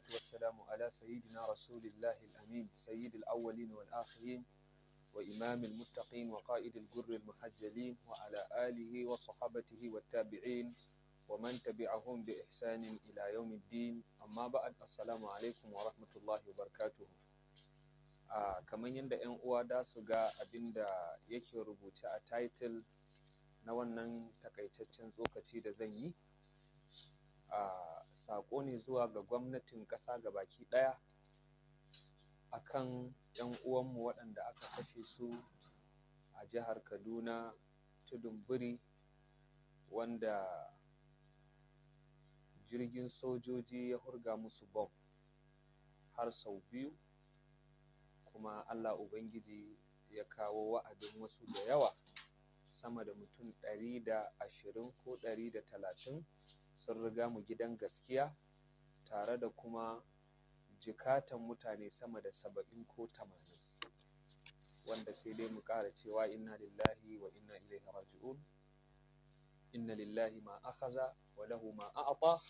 salatu wassalamu ala sayyidina rasulillahil amin sayyidil awwalin wal akhirin wa imamil muttaqin wa qa'idil gurri al muhajjalin wa ala wa sahbatihi wat tabi'in ila yawmid amma ba'd assalamu wa rahmatullahi wa barakatuh a kaman yanda ƴan uwa da su ga abinda yake rubuce a title na wannan takaitaccen tsokaci da zan yi a saƙo ne zuwa ga gwamnatin ƙasa gabaki ɗaya a akan 'yan uwanmu waɗanda aka kashe su a jihar kaduna tudun biri wanda jirgin sojoji ya hurga musu bom har sau biyu kuma allah ubangiji ya kawo wa'adin wasu da yawa sama da mutum ɗari da ashirin ko ɗari da talatin sun riga mu gidan gaskiya tare da kuma jikatan mutane sama da saba'in ko tamanin wanda sai dai mu ƙara cewa inna lillahi wa inna ilaihi raji'un inna lillahi ma akhaza wa lahu ma a'ta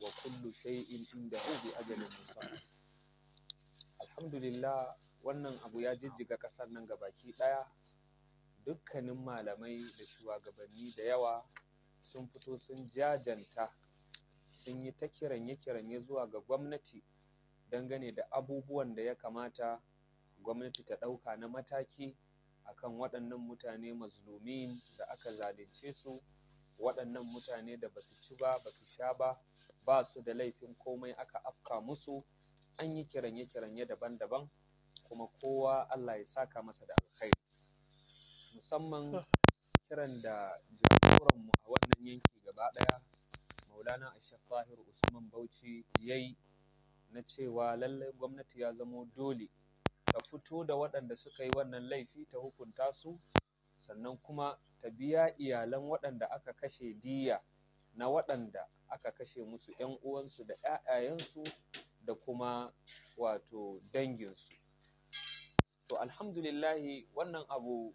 wa kullu shay'in indahu bi ajalin musamma alhamdulillah wannan abu ya jijjiga ƙasar nan gabaki ɗaya dukkanin malamai da shugabanni da yawa sun fito sun jajanta sun yi ta kiranye-kiranye zuwa ga gwamnati dangane da abubuwan da ya kamata gwamnati ta ɗauka na mataki akan waɗannan mutane mazlumin da aka zalunce su waɗannan mutane da ba su ci ba ba su sha ba ba su da laifin komai aka afka musu an yi kiranye-kiranye daban-daban kuma kowa Allah ya saka masa da alkhairi musamman ah. kiran da jagoranmu a wannan yanki gaba ɗaya maulana ashaf tahir usman bauchi ya yi na cewa lallai gwamnati ya zamo dole ta fito da waɗanda suka yi wannan laifi ta hukunta su sannan kuma ta biya iyalan waɗanda aka kashe diya na waɗanda aka kashe musu 'yan uwansu da 'ya'yayensu da kuma wato danginsu to alhamdulillahi wannan abu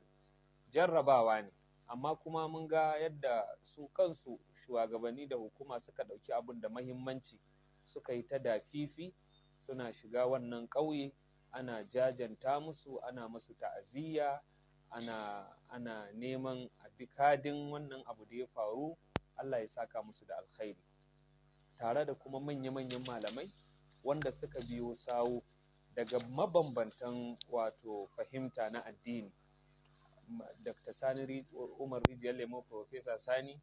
jarrabawa ne amma kuma mun ga yadda su kansu shugabanni da hukuma suka ɗauki abin da mahimmanci suka yi ta fifi suna shiga wannan ƙauye ana jajanta musu ana musu ta'aziyya ana, ana neman a wannan abu da ya faru allah ya saka musu da alkhairi tare da kuma manya-manyan malamai wanda suka biyo sawu daga mabambantan wato fahimta na addini dr sani umar rijiyar lemo professor sani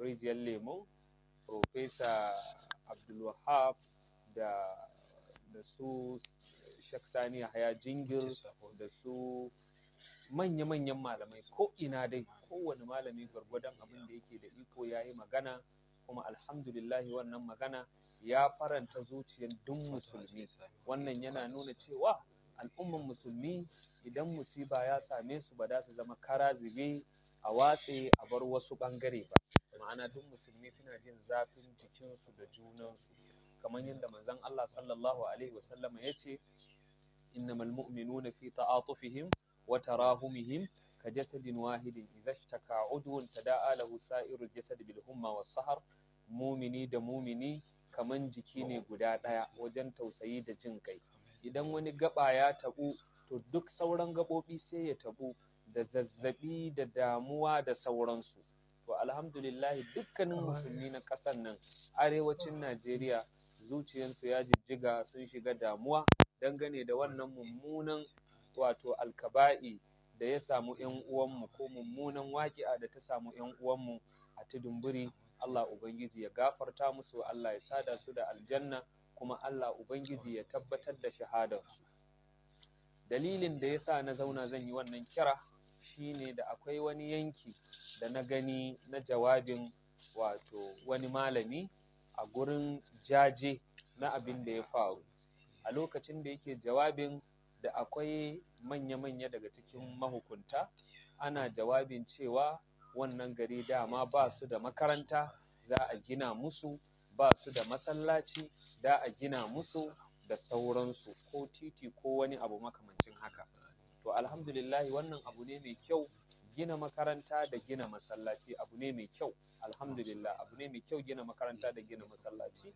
rijiyar lemo professor abdulwahab da da su shak sani haya jingir da su manya-manyan malamai ko ina dai kowane malami gwargwadon abin da yake da iko ya yi magana kuma alhamdulillah wannan magana ya faranta zuciyar duk musulmi wannan yana nuna cewa al'umman musulmi idan musiba ya same su ba za su zama kara zube a watse a bar wasu bangare ba ma'ana duk musulmi suna jin zafin jikinsu da junansu kamar yadda manzon Allah sallallahu alaihi wasallam ya ce innamal mu'minuna fi ta'atufihim wa tarahumihim ka jasadin wahidin idza ta udwun tada'a lahu sa'iru jasad bil humma was sahar mumini da mumini kaman jiki ne guda daya wajen tausayi da jin kai idan wani gaba ya tabu to duk sauran gabobi sai ya tabu da zazzabi da damuwa da sauransu to alhamdulillahi dukkanin musulmi na ƙasar nan arewacin najeriya zuciyarsu ya jijjiga sun shiga damuwa dangane da wannan mummunan wato alkaba'i da ya samu 'yan uwanmu ko mummunan waƙi'a da ta samu 'yan uwanmu a tudunburi Allah Ubangiji ya gafarta musu Allah ya sada su da aljanna kuma Allah Ubangiji ya tabbatar da shahadarsu. dalilin da ya sa na zauna zan yi wannan kira shine da akwai wani yanki da na gani na jawabin wato wani malami a gurin jaje na abin da ya faru a lokacin da yake jawabin da akwai manya-manya daga cikin mahukunta ana jawabin cewa wannan gari dama ba su da makaranta za a gina musu ba su da masallaci da a gina musu da sauransu ko titi ko wani abu makamancin haka to alhamdulillahi wannan abu ne mai kyau gina makaranta da gina masallaci abu ne mai kyau alhamdulillah abu ne mai kyau gina makaranta da gina masallaci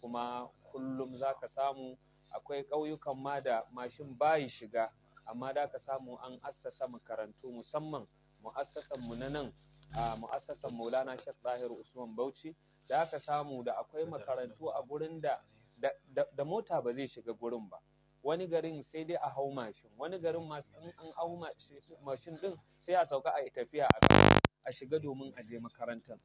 kuma kullum za ka samu akwai ƙauyukan ma da mashin bayi shiga amma da ka samu an assasa makarantu musamman mu'assasan mu na nan a mu'assasan maulana shek tahir usman bauchi da ka samu da akwai makarantu a gurin da da mota ba zai shiga gurin ba wani garin sai dai a hau mashin wani garin masu in an hau mashin din sai a sauka a tafiya a a shiga domin a je makarantar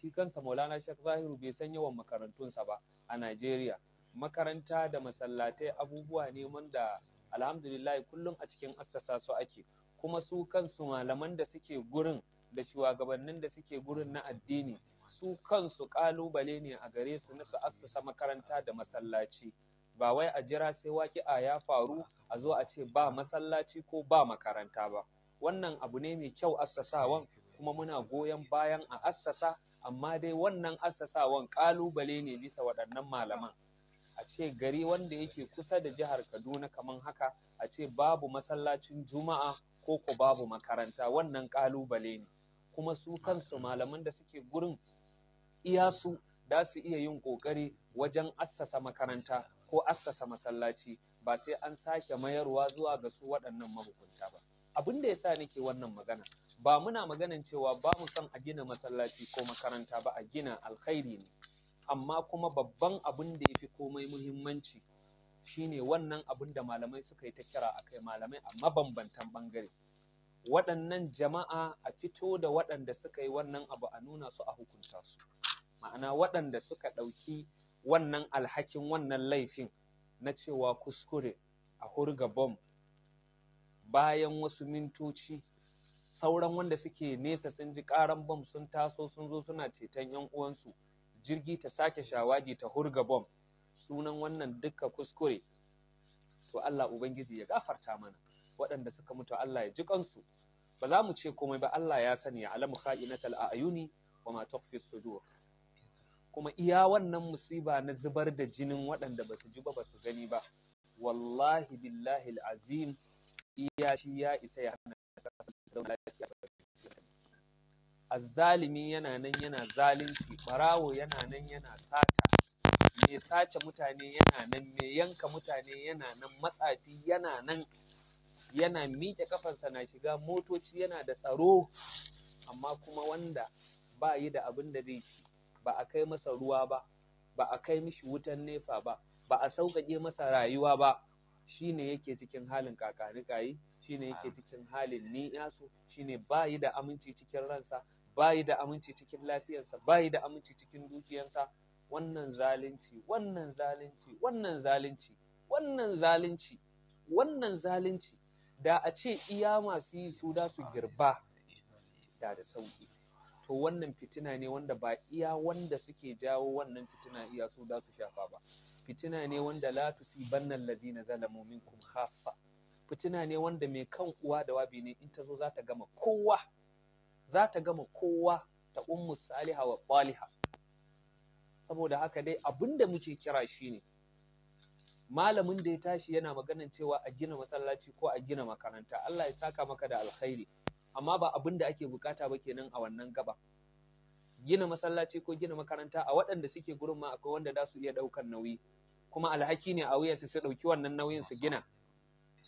shi kansa maulana shek zahiru bai san yawan makarantunsa ba a najeriya makaranta da masallatai abubuwa ne wanda alhamdulillah kullum a cikin assasa su ake kuma su kansu malaman da suke gurin da shugabannin da suke gurin na addini su kansu ƙalubale ne a gare su na su assasa makaranta da masallaci ba wai a jira sai waƙi'a ya faru a zo a ce ba masallaci ko ba makaranta ba wannan abu ne mai kyau assasawan kuma muna goyon bayan a assasa amma dai wannan assasawan kalubale ne bisa waɗannan malaman a ce gari wanda yake kusa da jihar kaduna kamar haka a ce babu masallacin juma'a ko ko babu makaranta wannan kalubale ne kuma su kansu malaman da suke gurin iyasu da su iya yin ƙoƙari wajen assasa makaranta ko assasa masallaci ba sai an sake mayarwa zuwa ga su waɗannan mahukunta ba abin da ya sa nake wannan magana ba muna maganan cewa ba mu son a gina masallaci ko makaranta ba a gina alkhairi ne amma kuma babban abin da ya fi komai muhimmanci shine wannan abin da malamai suka yi ta kira a kai malamai a mabambantan bangare waɗannan jama'a a fito da waɗanda suka yi wannan abu a nuna su a hukunta su ma'ana waɗanda suka ɗauki wannan alhakin wannan laifin na cewa kuskure a hurga bom bayan wasu mintoci sauran wanda suke nesa sun ji ƙaran bom sun taso sun zo suna ceton 'yan uwansu jirgi ta sake shawagi ta hurga bom sunan wannan duka kuskure to Allah Ubangiji ya gafarta mana waɗanda suka mutu Allah ya ji kansu ba za mu ce komai ba Allah ya sani ya alamu kha'inatal a'yuni wa ma tukhfi sudur kuma iya wannan musiba na zubar da jinin waɗanda ba su ji ba su gani ba wallahi billahi azim iya shi ya isa ya hana lafiya azzalimi yana nan yana zalunci barawo yana nan yana sata mai sace mutane yana nan mai yanka mutane yana nan matsafi yana nan yana miƙe kafansa na shiga motoci yana da tsaro amma kuma wanda ba yi da abin da zai ci ba a kai masa ruwa ba ba a kai mishi wutan nefa ba ba a sauƙaƙe masa rayuwa ba shine yake cikin halin kakanikayi shine yake cikin halin ni'yasu shine bayi da aminci cikin ransa bayi da aminci cikin lafiyarsa bayi da aminci cikin dukiyarsa wannan zalunci wannan zalunci wannan zalunci wannan zalunci wannan zalunci da a ce iya masu yi su da su girba da da sauƙi. to wannan fitina ne wanda ba iya wanda suke jawo wannan fitina iya su da su shafa ba fitina ne wanda la tusibanna allazina zalamu minkum khassa fitina ne wanda mai kan uwa da wabi ne in ta zo za ta gama kowa za ta gama kowa ta ummu saliha wa qaliha saboda haka dai abinda muke kira shi ne. malamin da ya tashi yana maganan cewa a gina masallaci ko a gina makaranta Allah ya saka maka da alkhairi amma ba abin da ake bukata ba kenan a wannan gaba gina masallaci ko gina makaranta a waɗanda suke gurin ma akwai wanda za su iya ɗaukar nauyi kuma alhaki ne a wuyansu su ɗauki wannan nauyin su gina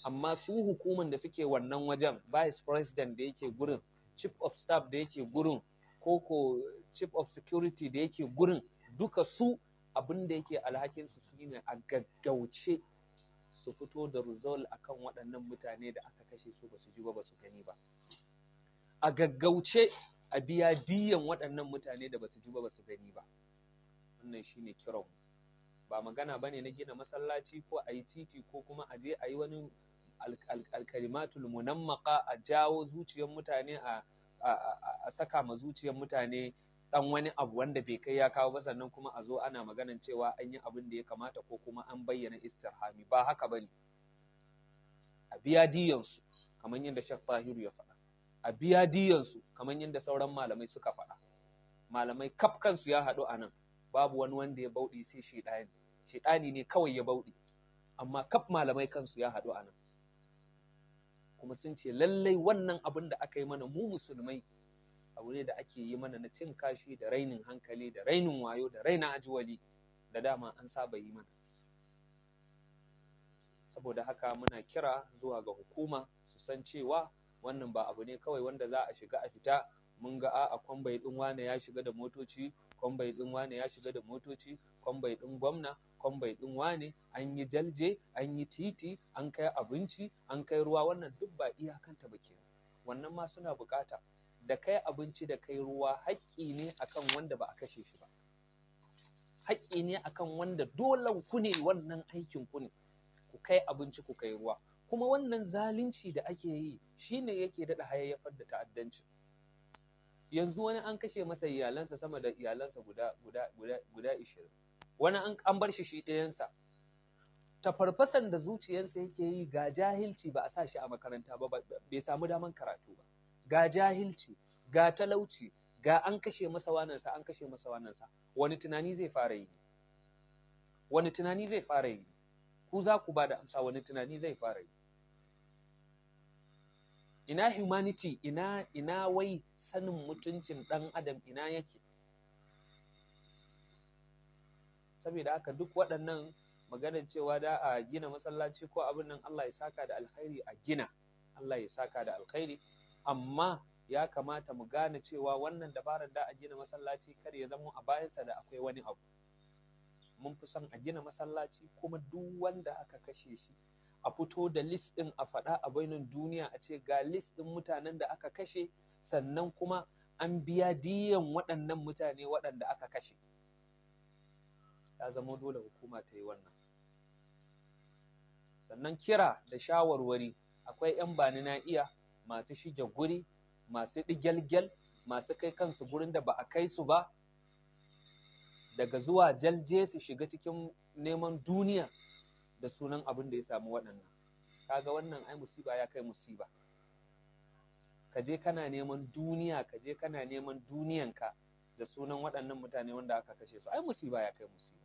amma su hukumar da suke wannan wajen vice president da yake gurin chief of staff da yake gurin ko chief of security da yake gurin duka su abin da yake alhakinsu su ne a gaggauce su fito da result akan waɗannan mutane da aka kashe su ba su ji ba ba su gani ba a gaggauce a biya diyan waɗannan mutane da basu ji ba su gani ba wannan shine kiran ba magana bane na gina masallaci ko a yi titi ko kuma a je a yi wani alkalimatul munammaka a jawo zuciyar mutane a saka ma zuciyar mutane dan wani abu wanda bai kai ya kawo ba sannan kuma a zo ana maganan cewa an yi abin da ya kamata ko kuma an bayyana istirhami ba haka bane a biya diyansu kamar yadda Sheikh Tahiru ya faɗa a biya diyansu kamar yadda sauran malamai suka faɗa malamai kaf kansu ya haɗu a nan babu wani wanda ya bauɗi sai shaiɗani shaiɗani ne kawai ya bauɗi amma kaf malamai kansu ya haɗu a nan kuma sun ce lallai wannan abin da aka yi mana mu musulmai abu ne da ake yi mana na cin kashi da rainin hankali da rainin wayo da raina ajiwali da dama an saba yi mana saboda haka muna kira zuwa ga hukuma su san cewa wannan ba abu ne kawai wanda za a shiga a fita mun ga a'a kwambai ɗin wane ya shiga da motoci kwambai ɗin wane ya shiga da motoci kwambai ɗin gwamna kwambai ɗin wane an yi jalje an yi titi an kai abinci an kai ruwa wannan duk ba iyakanta ba kenan wannan ma suna bukata da kai abinci da kai ruwa haƙƙi ne akan wanda ba a kashe shi ba haƙƙi ne akan wanda dole ku ne wannan aikin ku ne ku kai abinci ku kai ruwa kuma wannan zalunci da ake yi shi ne yake daɗa hayayyafar da ta'addanci yanzu wani an kashe masa iyalansa sama da iyalansa guda guda guda guda ishirin wani an bar shi shi ɗayansa tafarfasan da zuciyarsa yake yi ga jahilci ba a sa shi a makaranta ba bai samu daman karatu ba ga jahilci ga talauci ga an kashe masa wanansa an kashe masa wanansa wani tunani zai fara yi wani tunani zai fara yi ku za ku ba da amsa wani tunani zai fara yi ina humanity ina ina wai sanin mutuncin ɗan adam ina yake saboda haka duk waɗannan maganar cewa da a gina masallaci ko abin nan Allah ya saka da alkhairi a gina Allah ya saka da alkhairi amma ya kamata mu gane cewa wannan dabarar da a gina masallaci kar ya zama a bayansa da akwai wani abu mun fi son a gina masallaci kuma duk wanda aka kashe shi a fito da list ɗin a faɗa a bainin duniya a ce ga list ɗin mutanen da aka kashe sannan kuma an biya diyan waɗannan mutane waɗanda aka kashe ya zama dole hukuma ta yi wannan sannan kira da shawarwari akwai 'yan bani na iya masu shige guri masu ɗigyalgyal masu kai kansu gurin da ba a kai su ba daga zuwa jalje su shiga cikin neman duniya da sunan abin da ya samu waɗannan kaga wannan ai musiba ya kai musiba ka je kana neman duniya ka je kana neman duniyanka da sunan waɗannan mutane wanda aka kashe su ai musiba ya kai musiba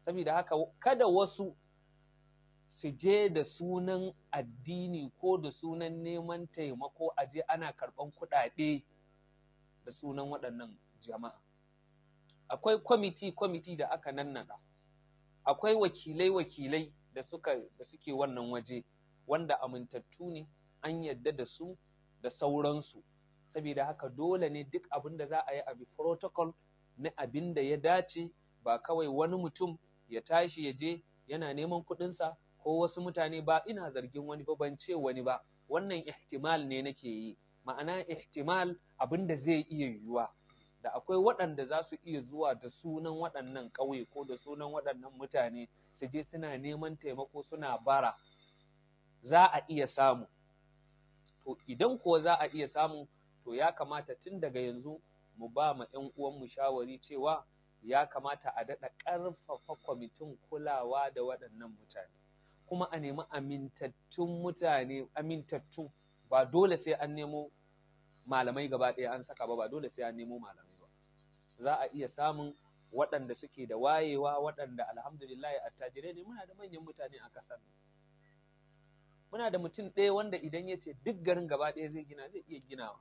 saboda haka kada wasu su je da sunan addini ko da sunan neman taimako a je ana karɓan kuɗaɗe da sunan waɗannan jama'a akwai kwamiti kwamiti da aka nannaɗa akwai wakilai-wakilai da suka suke wannan waje wanda amintattu ne an yadda da su da sauransu saboda haka dole ne duk abin da za a yi a bi protocol na abin da ya dace ba kawai wani mutum ya tashi ya je yana neman kuɗinsa ko wasu mutane ba ina zargin wani ba ban ce wani ba wannan ihtimal ne nake yi ma'ana ihtimal abin da zai iya yiwuwa da akwai waɗanda za su iya zuwa da sunan waɗannan ƙauye ko da sunan waɗannan mutane su je suna neman taimako suna bara za a iya samu to idan kuwa za a iya samu to ya kamata tun daga yanzu mu ba ma 'yan uwanmu shawari cewa ya kamata a daɗa ƙarfafa kwamitin kulawa da waɗannan mutane kuma a nemi amintattun mutane amintattu ba dole sai an nemo malamai gaba ɗaya an saka ba ba dole sai an nemo malamai za a iya samun waɗanda suke da wayewa waɗanda alhamdulillah attajirai ne muna da manyan mutane a ƙasar muna da mutum ɗaya wanda idan ya ce duk garin gaba ɗaya zai gina zai iya ginawa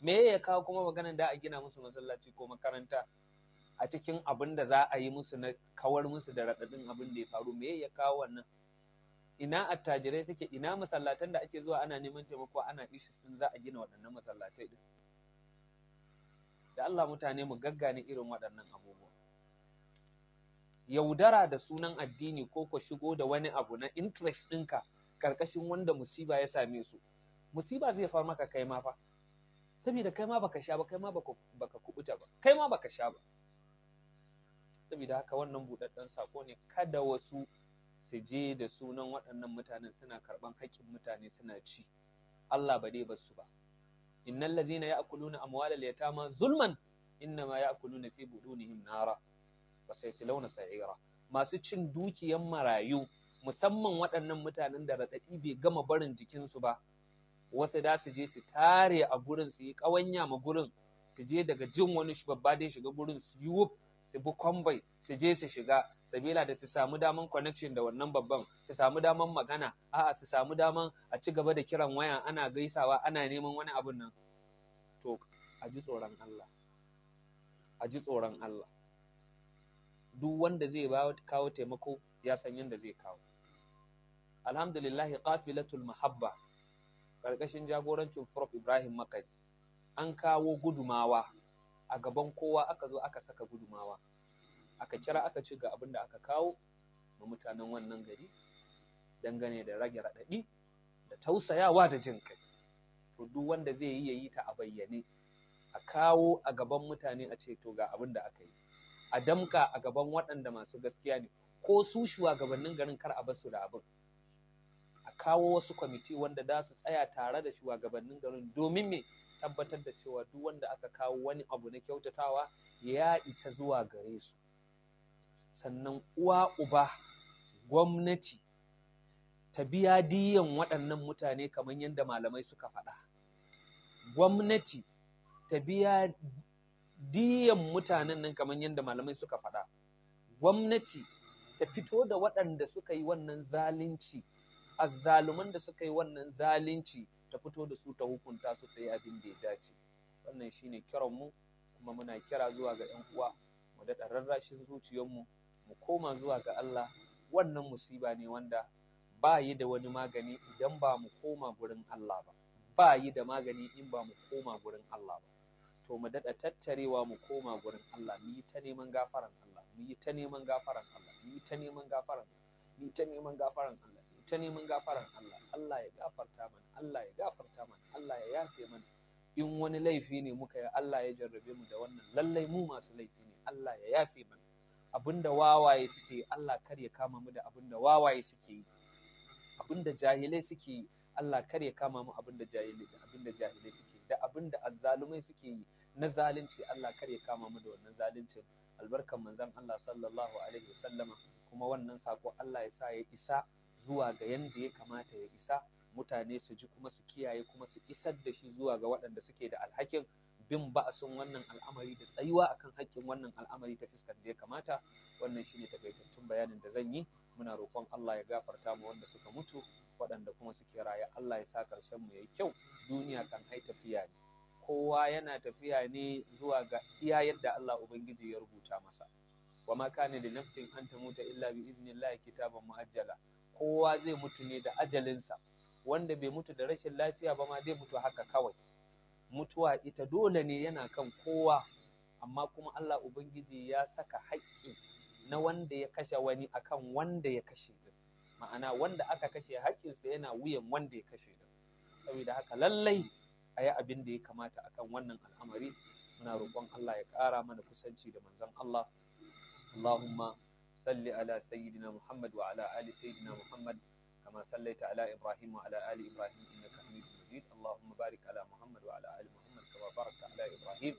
me ya kawo kuma maganar da a gina musu masallaci ko makaranta a cikin abin da za a yi musu na kawar musu da raɗaɗin abin da ya faru me ya kawo wannan ina attajirai suke ina masallatan da ake zuwa ana neman taimako ana ishi sun za a gina waɗannan masallatai din da Allah mutane mu gaggane irin waɗannan abubuwa yaudara da sunan addini ko ka shigo da wani abu na interest ɗinka ƙarƙashin wanda musiba ya same su musiba zai far maka kai ma fa saboda kai ma baka sha ba kai ma baka kubuta ba kai ma baka sha ba saboda haka wannan buɗaɗɗen sako ne kada wasu su je da sunan waɗannan mutanen suna karɓan haƙƙin mutane suna ci Allah ba dai ba su ba innal ladzina ya'kuluna amwalal yatama zulman innama ya'kuluna fi budunihim nara wa sa'ira masu cin dukiyan marayu musamman waɗannan mutanen da raɗaɗi bai gama barin jikinsu ba wasu da su je su tare a gurin su yi ƙawanya ma gurin su je daga jin wani babba dai shiga gurin su yi wuf su bi kwambai su je su shiga sabila da su samu daman connection da wannan babban su samu daman magana a'a su samu daman a ci gaba da kiran waya ana gaisawa ana neman wani abun nan to a ji tsoron Allah a ji tsoron Allah duk wanda zai kawo taimako ya san yadda zai kawo alhamdulillah qafilatul mahabba ƙarƙashin jagorancin Prof Ibrahim Makari an kawo gudumawa a gaban kowa aka zo aka saka gudumawa aka kira aka ci ga abin da aka kawo ma mutanen wannan gari dangane da rage raɗaɗi da tausayawa da jin kai to duk wanda zai yi ya yi ta a bayyane a kawo a gaban mutane a ce to ga abin da aka yi a damka a gaban waɗanda masu gaskiya ne ko su shugabannin garin kar a basu da abin a kawo wasu kwamiti wanda za su tsaya tare da shugabannin garin domin me tabbatar da cewa duk wanda aka kawo wani abu na kyautatawa ya isa zuwa gare su sannan uwa uba gwamnati ta biya diyan waɗannan mutane kamar yadda malamai suka faɗa gwamnati ta biya diyan mutanen nan kamar yadda malamai suka faɗa gwamnati ta fito da waɗanda suka yi wannan zalunci azzaluman da suka yi wannan zalunci ta fito da su ta hukunta su ta yi abin da ya dace wannan shine kiranmu kuma muna kira zuwa ga yan uwa mu daɗa rarrashin zuciyarmu mu koma zuwa ga Allah wannan musiba ne wanda ba yi da wani magani idan ba mu koma gurin Allah ba ba yi da magani in ba mu koma gurin Allah ba to mu daɗa tattarewa mu koma gurin Allah mu yi ta neman gafaran Allah mu yi ta neman gafaran Allah mu yi ta neman gafaran mu yi ta neman gafaran Allah ta neman gafaran Allah Allah ya gafarta mana Allah ya gafarta mana Allah ya yafe mana in wani laifi ne muka yi Allah ya jarrabe mu da wannan lallai mu masu laifi ne Allah ya yafe mana abinda wawaye suke Allah kar ya kama mu da abinda wawaye suke yi abinda jahilai suke yi Allah kar ya kama mu abinda jahilai da abinda jahilai suke yi da abinda azzalumai suke yi na zalunci Allah kar ya kama mu da wannan zaluncin albarkan manzon Allah sallallahu alaihi wasallama kuma wannan sako Allah ya sa ya isa zuwa ga yanda ya kamata ya isa mutane su ji kuma su kiyaye kuma su isar da shi zuwa ga waɗanda suke da alhakin bin ba'asin wannan al'amari da tsayuwa akan haƙƙin wannan al'amari ta fuskar da ya kamata wannan shine takaitattun bayanin da zan yi muna roƙon Allah ya gafarta mu wanda suka mutu waɗanda kuma suke raye Allah ya sa ƙarshen mu yayi kyau duniya kan hai tafiya ne kowa yana tafiya ne zuwa ga iya yadda Allah ubangiji ya rubuta masa wa ma kana li nafsin an tamuta illa bi idnillahi kitaban muajjala kowa zai mutu ne da ajalinsa wanda bai mutu da rashin lafiya ba ma zai mutu haka kawai mutuwa ita dole ne yana kan kowa amma kuma Allah ubangiji ya saka haƙƙi na wanda ya kashe wani akan wanda ya kashe din ma'ana wanda aka kashe haƙƙinsa yana wuyan wanda ya kashe din saboda haka lallai a yi abin da ya kamata akan wannan al'amari muna roƙon Allah ya ƙara mana kusanci da manzon Allah Allahumma صل على سيدنا محمد وعلى آل سيدنا محمد كما صليت على إبراهيم وعلى آل إبراهيم إنك حميد مجيد اللهم بارك على محمد وعلى آل محمد كما باركت على إبراهيم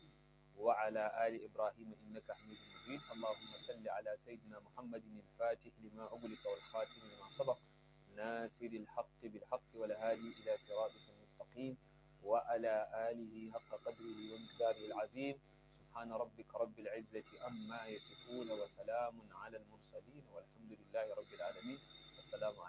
وعلى آل إبراهيم إنك حميد مجيد اللهم صل على سيدنا محمد الفاتح لما أغلق والخاتم لما سبق ناصر الحق بالحق والهادي إلى صراطك المستقيم وعلى آله حق قدره ومقداره العظيم سبحان ربك رب العزة أما يصفون وسلام على المرسلين والحمد لله رب العالمين السلام عليكم